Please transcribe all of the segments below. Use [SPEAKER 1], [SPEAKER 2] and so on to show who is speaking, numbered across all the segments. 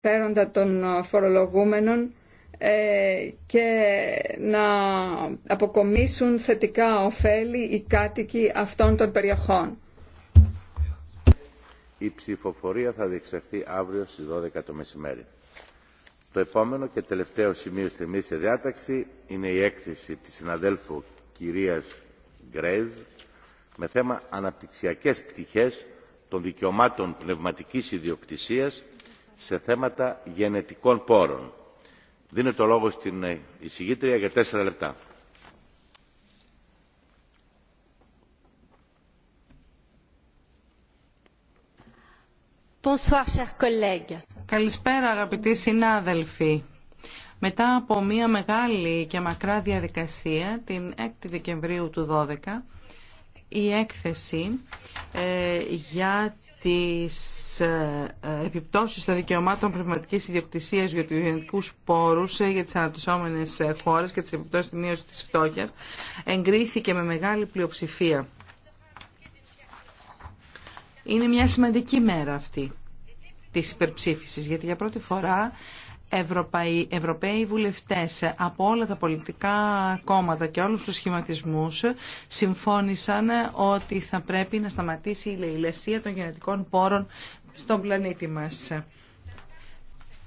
[SPEAKER 1] φέροντα των φορολογούμενων ε, και να αποκομίσουν θετικά ωφέλη οι κάτοικοι αυτών των περιοχών.
[SPEAKER 2] Η ψηφοφορία θα διεξαχθεί αύριο στις 12 το μεσημέρι. Το επόμενο και τελευταίο σημείο στη μίση διάταξη είναι η έκθεση της συναδέλφου κυρίας Γκρέζ με θέμα αναπτυξιακές πτυχές των δικαιωμάτων πνευματικής ιδιοκτησίας σε θέματα γενετικών πόρων. Δίνω το λόγο στην ε, εισηγήτρια για τέσσερα λεπτά.
[SPEAKER 3] Καλησπέρα αγαπητοί συνάδελφοι. Μετά από μια μεγάλη και μακρά διαδικασία, την 6η Δεκεμβρίου του 2012, η έκθεση ε, για τις ε, ε, επιπτώσεις των δικαιωμάτων πνευματικής ιδιοκτησίας για τους γενικού πόρους ε, για τις αναπτυσσόμενες χώρες και τις επιπτώσεις της μείωση της φτώχειας εγκρίθηκε με μεγάλη πλειοψηφία. Είναι μια σημαντική μέρα αυτή της υπερψήφισης γιατί για πρώτη φορά Ευρωπαϊ, Ευρωπαίοι βουλευτές από όλα τα πολιτικά κόμματα και όλους τους σχηματισμούς συμφώνησαν ότι θα πρέπει να σταματήσει η λαϊλεσία των γενετικών πόρων στον πλανήτη μας.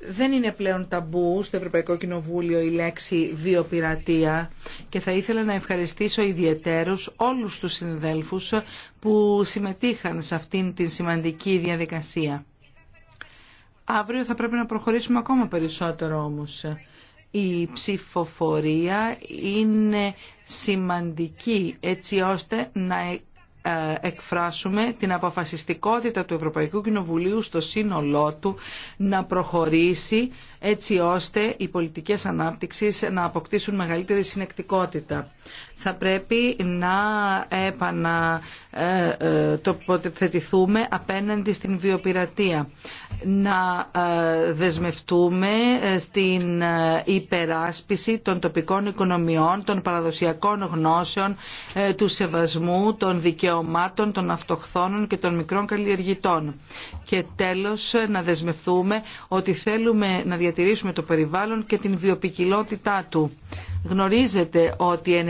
[SPEAKER 3] Δεν είναι πλέον ταμπού στο Ευρωπαϊκό Κοινοβούλιο η λέξη βιοπειρατεία και θα ήθελα να ευχαριστήσω ιδιαιτέρως όλους τους συνδέλφους που συμμετείχαν σε αυτήν την σημαντική διαδικασία. Αύριο θα πρέπει να προχωρήσουμε ακόμα περισσότερο όμως. Η ψηφοφορία είναι σημαντική έτσι ώστε να ε, εκφράσουμε την αποφασιστικότητα του Ευρωπαϊκού Κοινοβουλίου στο σύνολό του να προχωρήσει έτσι ώστε οι πολιτικές ανάπτυξης να αποκτήσουν μεγαλύτερη συνεκτικότητα. Θα πρέπει να επανατοποθετηθούμε ε, ε, απέναντι στην βιοπειρατεία, να ε, δεσμευτούμε στην υπεράσπιση των τοπικών οικονομιών, των παραδοσιακών γνώσεων, του σεβασμού, των δικαιωμάτων, των αυτοχθόνων και των μικρών καλλιεργητών. Και τέλος να δεσμευτούμε ότι θέλουμε να διατηρήσουμε το περιβάλλον και την βιοπικιλότητά του. Γνωρίζετε ότι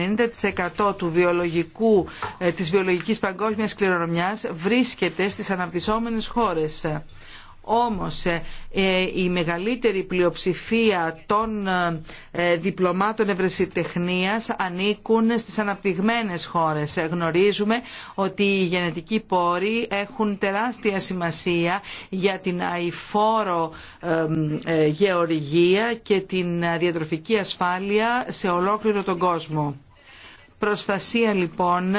[SPEAKER 3] 90% του βιολογικού, ε, της βιολογικής παγκόσμιας κληρονομιάς βρίσκεται στις αναπτυσσόμενες χώρες. Όμως ε, ε, η μεγαλύτερη πλειοψηφία των ε, διπλωμάτων ευρεσιτεχνίας ανήκουν στις αναπτυγμένες χώρες. Γνωρίζουμε ότι οι γενετικοί πόροι έχουν τεράστια σημασία για την αηφόρο γεωργία και την διατροφική ασφάλεια σε ολόκληρο τον κόσμο προστασία λοιπόν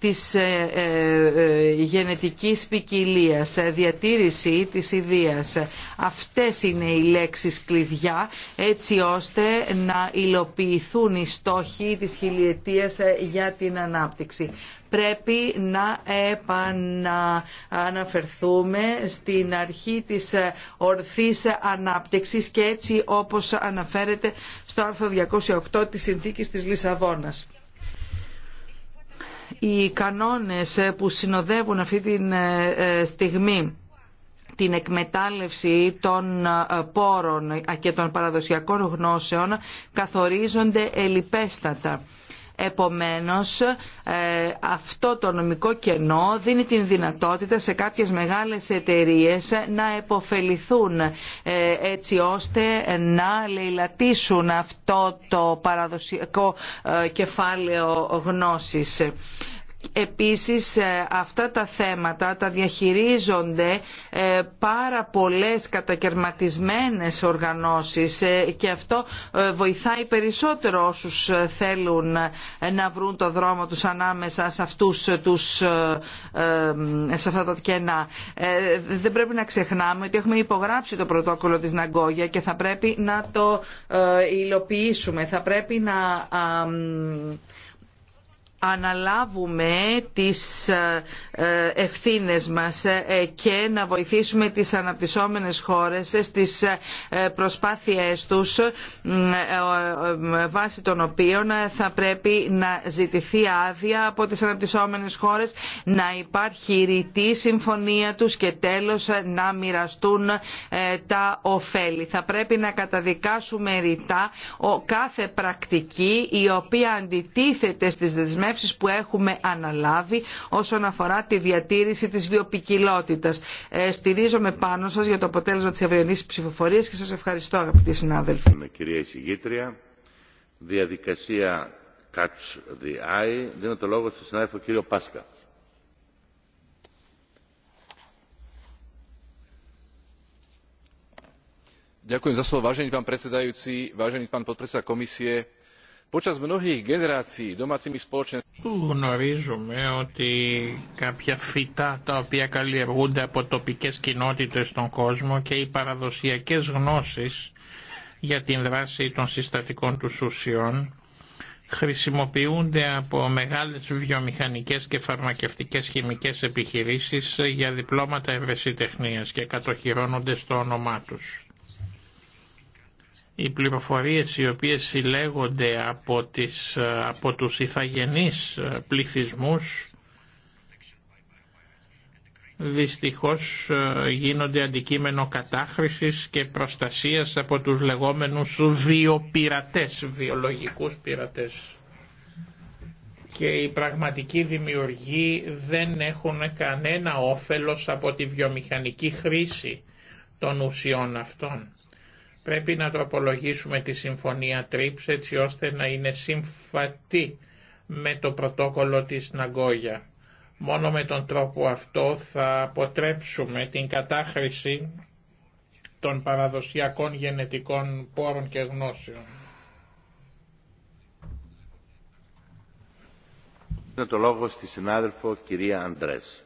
[SPEAKER 3] της ε, ε, ε, γενετικής ποικιλία, διατήρηση της ιδείας. Αυτές είναι οι λέξεις κλειδιά έτσι ώστε να υλοποιηθούν οι στόχοι της χιλιετίας για την ανάπτυξη. Πρέπει να επαναφερθούμε στην αρχή της ορθής ανάπτυξης και έτσι όπως αναφέρεται στο άρθρο 208 της Συνθήκης της Λισαβόνας οι κανόνες που συνοδεύουν αυτή τη ε, ε, στιγμή την εκμετάλλευση των ε, πόρων και των παραδοσιακών γνώσεων καθορίζονται ελιπέστατα. Επομένως, αυτό το νομικό κενό δίνει την δυνατότητα σε κάποιες μεγάλες εταιρείες να επωφεληθούν έτσι ώστε να λαιλατίσουν αυτό το παραδοσιακό κεφάλαιο γνώσης επίσης ε, αυτά τα θέματα τα διαχειρίζονται ε, πάρα πολλές κατακαιρματισμένες οργανώσεις ε, και αυτό βοηθάει περισσότερο όσους θέλουν να βρουν το δρόμο τους ανάμεσα σε, αυτούς, τους, σε αυτά τα κενά. Δεν πρέπει να ξεχνάμε ότι έχουμε υπογράψει το πρωτόκολλο της Ναγκόγια και θα πρέπει να το υλοποιήσουμε. Θα πρέπει να αναλάβουμε τις ε, ε, ευθύνες μας ε, και να βοηθήσουμε τις αναπτυσσόμενες χώρες στις προσπάθειές τους βάσει των οποίων θα πρέπει να ζητηθεί άδεια από τις αναπτυσσόμενες χώρες να υπάρχει ρητή συμφωνία τους και τέλος να μοιραστούν τα ωφέλη. Θα πρέπει να καταδικάσουμε ρητά κάθε πρακτική η οποία αντιτίθεται στις δεσμεύσεις δεσμεύσεις που έχουμε αναλάβει όσον αφορά τη διατήρηση της βιοπικιλότητας. Ε, στηρίζομαι πάνω σας για το αποτέλεσμα της ευρωενής ψηφοφορίας και σας ευχαριστώ αγαπητοί συνάδελφοι.
[SPEAKER 2] Ναι, κυρία Ισηγήτρια, διαδικασία Catch the Eye. Δίνω το λόγο στον συνάδελφο κύριο Πάσκα. Ďakujem za slovo, vážený pán predsedajúci, vážený pán podpredseda komisie. Počas
[SPEAKER 4] Γνωρίζουμε ότι κάποια φυτά τα οποία καλλιεργούνται από τοπικές κοινότητες στον κόσμο και οι παραδοσιακές γνώσεις για την δράση των συστατικών του ουσιών χρησιμοποιούνται από μεγάλες βιομηχανικές και φαρμακευτικές χημικές επιχειρήσεις για διπλώματα ευρεσιτεχνίας και κατοχυρώνονται στο όνομά τους οι πληροφορίες οι οποίες συλλέγονται από, τις, από τους ηθαγενείς ε, πληθυσμούς δυστυχώς ε, γίνονται αντικείμενο κατάχρησης και προστασίας από τους λεγόμενους βιοπειρατές, βιολογικούς πειρατές. Και οι πραγματικοί δημιουργοί δεν έχουν κανένα όφελος από τη βιομηχανική χρήση των ουσιών αυτών. Πρέπει να τροπολογήσουμε τη συμφωνία TRIPS έτσι ώστε να είναι συμφατή με το πρωτόκολλο της Ναγκόγια. Μόνο με τον τρόπο αυτό θα αποτρέψουμε την κατάχρηση των παραδοσιακών γενετικών πόρων και γνώσεων.
[SPEAKER 2] το λόγο στη συνάδελφο κυρία Αντρές.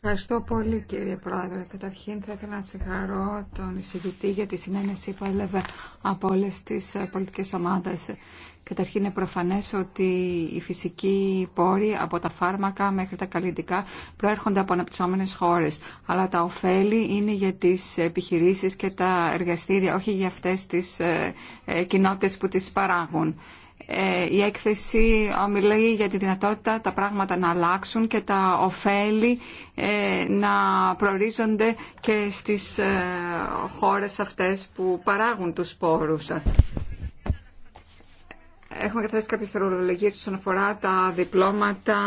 [SPEAKER 1] Ευχαριστώ πολύ κύριε Πρόεδρε. Καταρχήν θα ήθελα να συγχαρώ τον εισηγητή για τη συνένεση που έλαβε από όλε τι ε, πολιτικέ ομάδε. Καταρχήν είναι προφανές ότι οι φυσικοί πόροι από τα φάρμακα μέχρι τα καλλιτικά προέρχονται από αναπτυσσόμενες χώρε. Αλλά τα ωφέλη είναι για τι επιχειρήσει και τα εργαστήρια, όχι για αυτέ τι ε, ε, κοινότητε που τι παράγουν. Ε, η έκθεση ομιλεί για τη δυνατότητα τα πράγματα να αλλάξουν και τα ωφέλη ε, να προορίζονται και στις ε, χώρες αυτές που παράγουν τους σπόρους. Έχουμε καταθέσει κάποιες θεωρολογίες όσον αφορά τα διπλώματα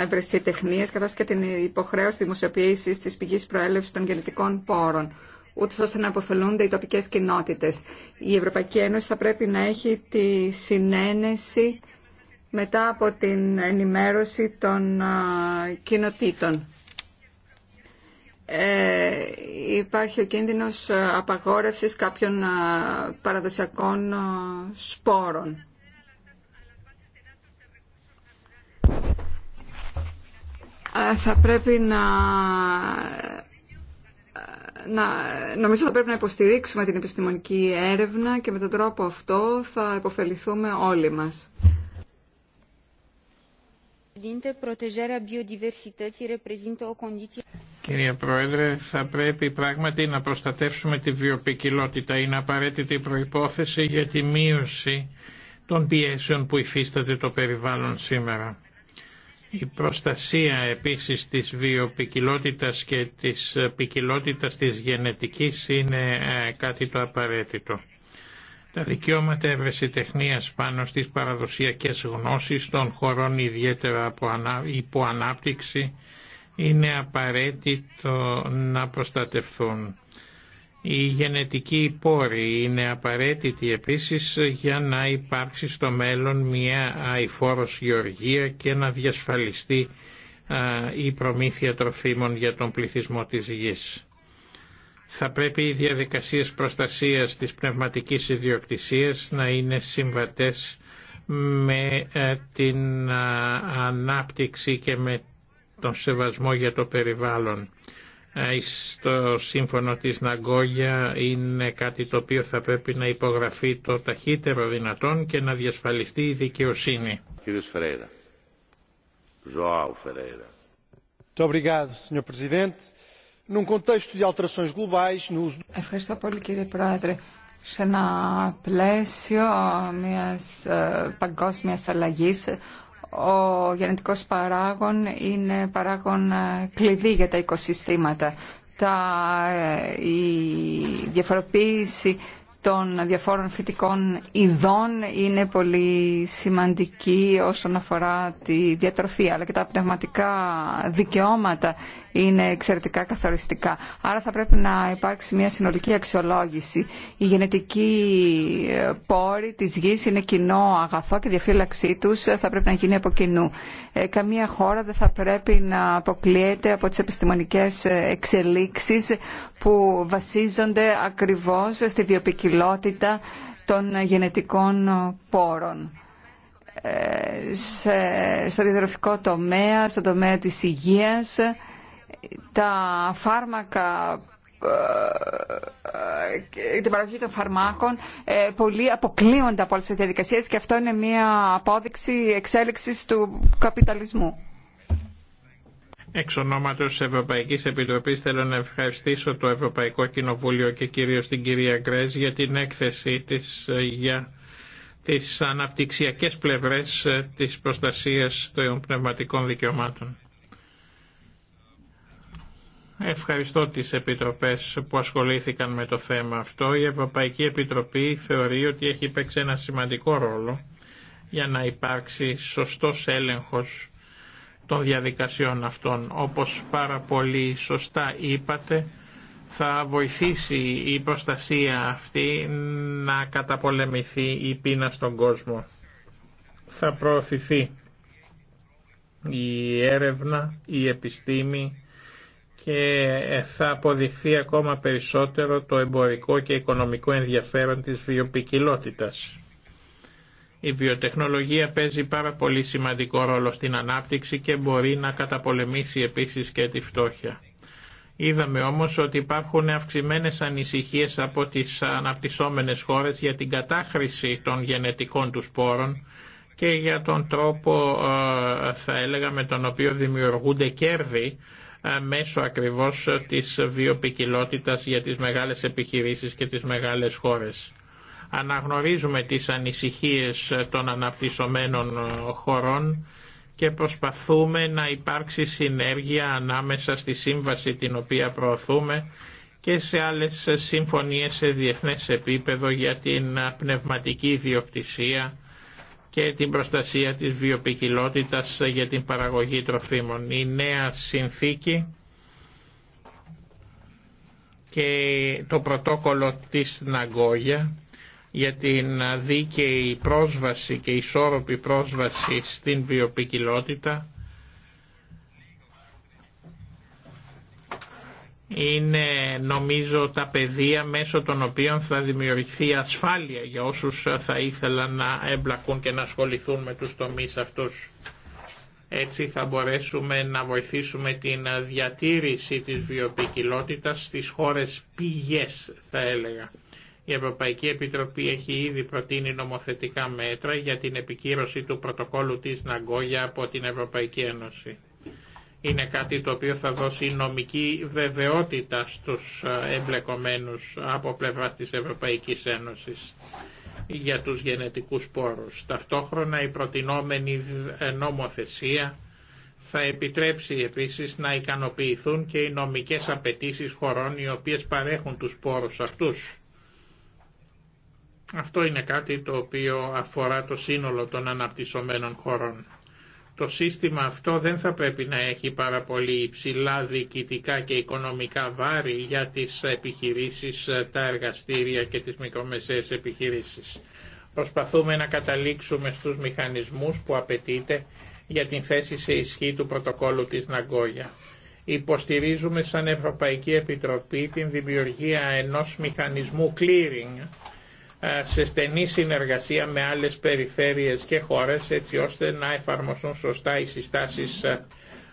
[SPEAKER 1] ευρεσιτεχνίας καθώς και την υποχρέωση δημοσιοποίησης της πηγής προέλευσης των γενετικών πόρων ούτω ώστε να αποφελούνται οι τοπικές κοινότητες. Η Ευρωπαϊκή Ένωση θα πρέπει να έχει τη συνένεση μετά από την ενημέρωση των κοινοτήτων. Ε, υπάρχει ο κίνδυνος απαγόρευσης κάποιων παραδοσιακών σπόρων. Ε, θα πρέπει να να, νομίζω θα πρέπει να υποστηρίξουμε την επιστημονική έρευνα και με τον τρόπο αυτό θα υποφεληθούμε όλοι μας.
[SPEAKER 4] Κύριε Πρόεδρε, θα πρέπει πράγματι να προστατεύσουμε τη βιοπικιλότητα. Είναι απαραίτητη προϋπόθεση για τη μείωση των πιέσεων που υφίσταται το περιβάλλον σήμερα. Η προστασία επίσης της βιοπικιλότητας και της ποικιλότητας της γενετικής είναι ε, κάτι το απαραίτητο. Τα δικαιώματα ευρεσιτεχνίας πάνω στις παραδοσιακές γνώσεις των χωρών ιδιαίτερα από υπό ανάπτυξη είναι απαραίτητο να προστατευθούν η γενετική πόρη είναι απαραίτητη επίσης για να υπάρξει στο μέλλον μια αηφόρος γεωργία και να διασφαλιστεί η προμήθεια τροφίμων για τον πληθυσμό της γης. Θα πρέπει οι διαδικασίες προστασίας της πνευματικής ιδιοκτησίας να είναι συμβατές με ε, την ανάπτυξη και με τον σεβασμό για το περιβάλλον. Ε, στο σύμφωνο της Ναγκόγια είναι κάτι το οποίο θα πρέπει να υπογραφεί το ταχύτερο δυνατόν και να διασφαλιστεί η δικαιοσύνη.
[SPEAKER 2] Κύριος Φερέιρα. Ζωάου
[SPEAKER 1] Ευχαριστώ πολύ κύριε Πρόεδρε. Σε ένα πλαίσιο μιας ε, παγκόσμιας αλλαγής, ο γενετικός παράγων είναι παράγων ε, κλειδί για τα οικοσυστήματα. Τα, ε, η διαφοροποίηση των διαφόρων φυτικών ειδών είναι πολύ σημαντική όσον αφορά τη διατροφή αλλά και τα πνευματικά δικαιώματα είναι εξαιρετικά καθοριστικά. Άρα θα πρέπει να υπάρξει μια συνολική αξιολόγηση. Η γενετική ε, πόρη της γης είναι κοινό αγαθό και διαφύλαξή τους θα πρέπει να γίνει από κοινού. Ε, καμία χώρα δεν θα πρέπει να αποκλείεται από τις επιστημονικές ε, εξελίξεις που βασίζονται ακριβώς στη βιοπικιλότητα των γενετικών πόρων στο διαδροφικό τομέα, στον τομέα της υγείας τα φάρμακα ε, ε, την παραγωγή των φαρμάκων ε, πολλοί αποκλείονται από όλες τις διαδικασίες και αυτό είναι μια απόδειξη εξέλιξης του καπιταλισμού.
[SPEAKER 4] Εξ ονόματος Ευρωπαϊκής Επιτροπής θέλω να ευχαριστήσω το Ευρωπαϊκό Κοινοβούλιο και κυρίως την κυρία Γκρέζ για την έκθεση της για τις αναπτυξιακές πλευρές της προστασίας των πνευματικών δικαιωμάτων. Ευχαριστώ τις επιτροπές που ασχολήθηκαν με το θέμα αυτό. Η Ευρωπαϊκή Επιτροπή θεωρεί ότι έχει παίξει ένα σημαντικό ρόλο για να υπάρξει σωστός έλεγχος των διαδικασιών αυτών. Όπως πάρα πολύ σωστά είπατε, θα βοηθήσει η προστασία αυτή να καταπολεμηθεί η πείνα στον κόσμο. Θα προωθηθεί η έρευνα, η επιστήμη, και ε, θα αποδειχθεί ακόμα περισσότερο το εμπορικό και οικονομικό ενδιαφέρον της βιοπικιλότητας. Η βιοτεχνολογία παίζει πάρα πολύ σημαντικό ρόλο στην ανάπτυξη και μπορεί να καταπολεμήσει επίσης και τη φτώχεια. Είδαμε όμως ότι υπάρχουν αυξημένες ανησυχίες από τις αναπτυσσόμενες χώρες για την κατάχρηση των γενετικών του πόρων και για τον τρόπο, ε, θα έλεγα, με τον οποίο δημιουργούνται κέρδη ε, μέσω ακριβώς ε, της βιοπικιλότητας για τις μεγάλες επιχειρήσεις και τις μεγάλες χώρες. Αναγνωρίζουμε τις ανησυχίες ε, των αναπτυσσομένων χωρών και προσπαθούμε να υπάρξει συνέργεια ανάμεσα στη σύμβαση την οποία προωθούμε και σε άλλες συμφωνίες σε διεθνές επίπεδο για την πνευματική ιδιοκτησία και την προστασία της βιοπικιλότητας για την παραγωγή τροφίμων. Η νέα συνθήκη και το πρωτόκολλο της Ναγκόγια για την δίκαιη πρόσβαση και ισόρροπη πρόσβαση στην βιοπικιλότητα είναι νομίζω τα πεδία μέσω των οποίων θα δημιουργηθεί ασφάλεια για όσους θα ήθελαν να εμπλακούν και να ασχοληθούν με τους τομείς αυτούς. Έτσι θα μπορέσουμε να βοηθήσουμε την διατήρηση της βιοποικιλότητας στις χώρες πηγές θα έλεγα. Η Ευρωπαϊκή Επιτροπή έχει ήδη προτείνει νομοθετικά μέτρα για την επικύρωση του πρωτοκόλου της Ναγκόγια από την Ευρωπαϊκή Ένωση είναι κάτι το οποίο θα δώσει νομική βεβαιότητα στους ε, εμπλεκομένους από πλευρά της Ευρωπαϊκής Ένωσης για τους γενετικούς πόρους. Ταυτόχρονα η προτινόμενη ε, νομοθεσία θα επιτρέψει επίσης να ικανοποιηθούν και οι νομικές απαιτήσεις χωρών οι οποίες παρέχουν τους πόρους αυτούς. Αυτό είναι κάτι το οποίο αφορά το σύνολο των αναπτυσσομένων χωρών το σύστημα αυτό δεν θα πρέπει να έχει πάρα πολύ υψηλά διοικητικά και οικονομικά βάρη για τις επιχειρήσεις, τα εργαστήρια και τις μικρομεσαίες επιχειρήσεις. Προσπαθούμε να καταλήξουμε στους μηχανισμούς που απαιτείται για την θέση σε ισχύ του πρωτοκόλου της Ναγκόγια. Υποστηρίζουμε σαν Ευρωπαϊκή Επιτροπή την δημιουργία ενός μηχανισμού clearing ε, σε στενή συνεργασία με άλλες περιφέρειες και χώρες έτσι ώστε να εφαρμοστούν σωστά οι συστάσεις ε,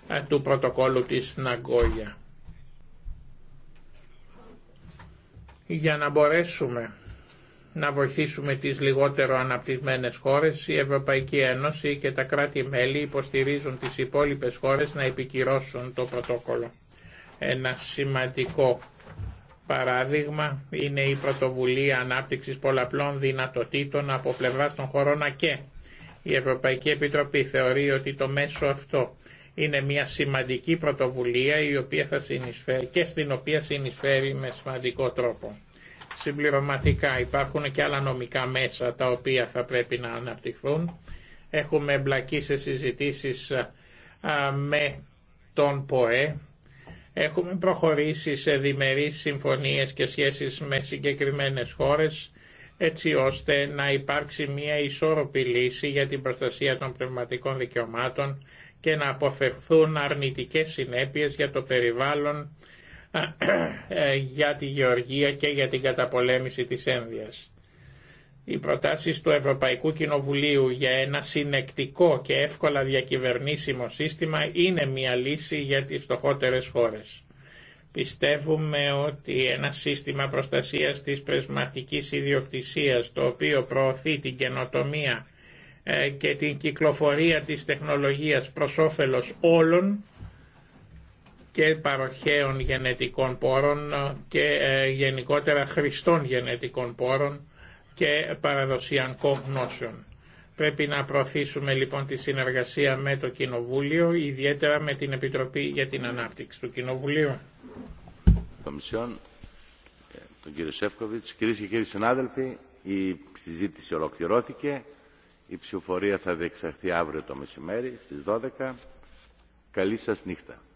[SPEAKER 4] ε, του πρωτοκόλου της Ναγκόγια. Για να μπορέσουμε να βοηθήσουμε τις λιγότερο αναπτυγμένες χώρες, η Ευρωπαϊκή Ένωση και τα κράτη-μέλη υποστηρίζουν τις υπόλοιπες χώρες να επικυρώσουν το πρωτόκολλο. Ένα σημαντικό Παράδειγμα είναι η πρωτοβουλία ανάπτυξης πολλαπλών δυνατοτήτων από πλευράς των χωρών ΑΚΕ. Η Ευρωπαϊκή Επιτροπή θεωρεί ότι το μέσο αυτό είναι μια σημαντική πρωτοβουλία η οποία θα και στην οποία συνεισφέρει με σημαντικό τρόπο. Συμπληρωματικά υπάρχουν και άλλα νομικά μέσα τα οποία θα πρέπει να αναπτυχθούν. Έχουμε εμπλακεί σε συζητήσεις με τον ΠΟΕ Έχουμε προχωρήσει σε διμερείς συμφωνίες και σχέσεις με συγκεκριμένες χώρες έτσι ώστε να υπάρξει μια ισόρροπη λύση για την προστασία των πνευματικών δικαιωμάτων και να αποφευχθούν αρνητικές συνέπειες για το περιβάλλον, ε, για τη γεωργία και για την καταπολέμηση της ένδυας. Οι προτάσει του Ευρωπαϊκού Κοινοβουλίου για ένα συνεκτικό και εύκολα διακυβερνήσιμο σύστημα είναι μια λύση για τις φτωχότερε χώρε. Πιστεύουμε ότι ένα σύστημα προστασίας της πνευματικής ιδιοκτησίας το οποίο προωθεί την καινοτομία ε, και την κυκλοφορία της τεχνολογίας προς όφελος όλων και παροχαίων γενετικών πόρων ε, και ε, γενικότερα χρηστών γενετικών πόρων και παραδοσιακών γνώσεων. Πρέπει να προωθήσουμε λοιπόν τη συνεργασία με το Κοινοβούλιο, ιδιαίτερα με την Επιτροπή για την Ανάπτυξη του Κοινοβουλίου.
[SPEAKER 2] Κομισιόν, ε, τον κύριο Σεύκοβιτς, κυρίες και κύριοι συνάδελφοι, η συζήτηση ολοκληρώθηκε. Η ψηφοφορία θα διεξαχθεί αύριο το μεσημέρι στις 12. Καλή σας νύχτα.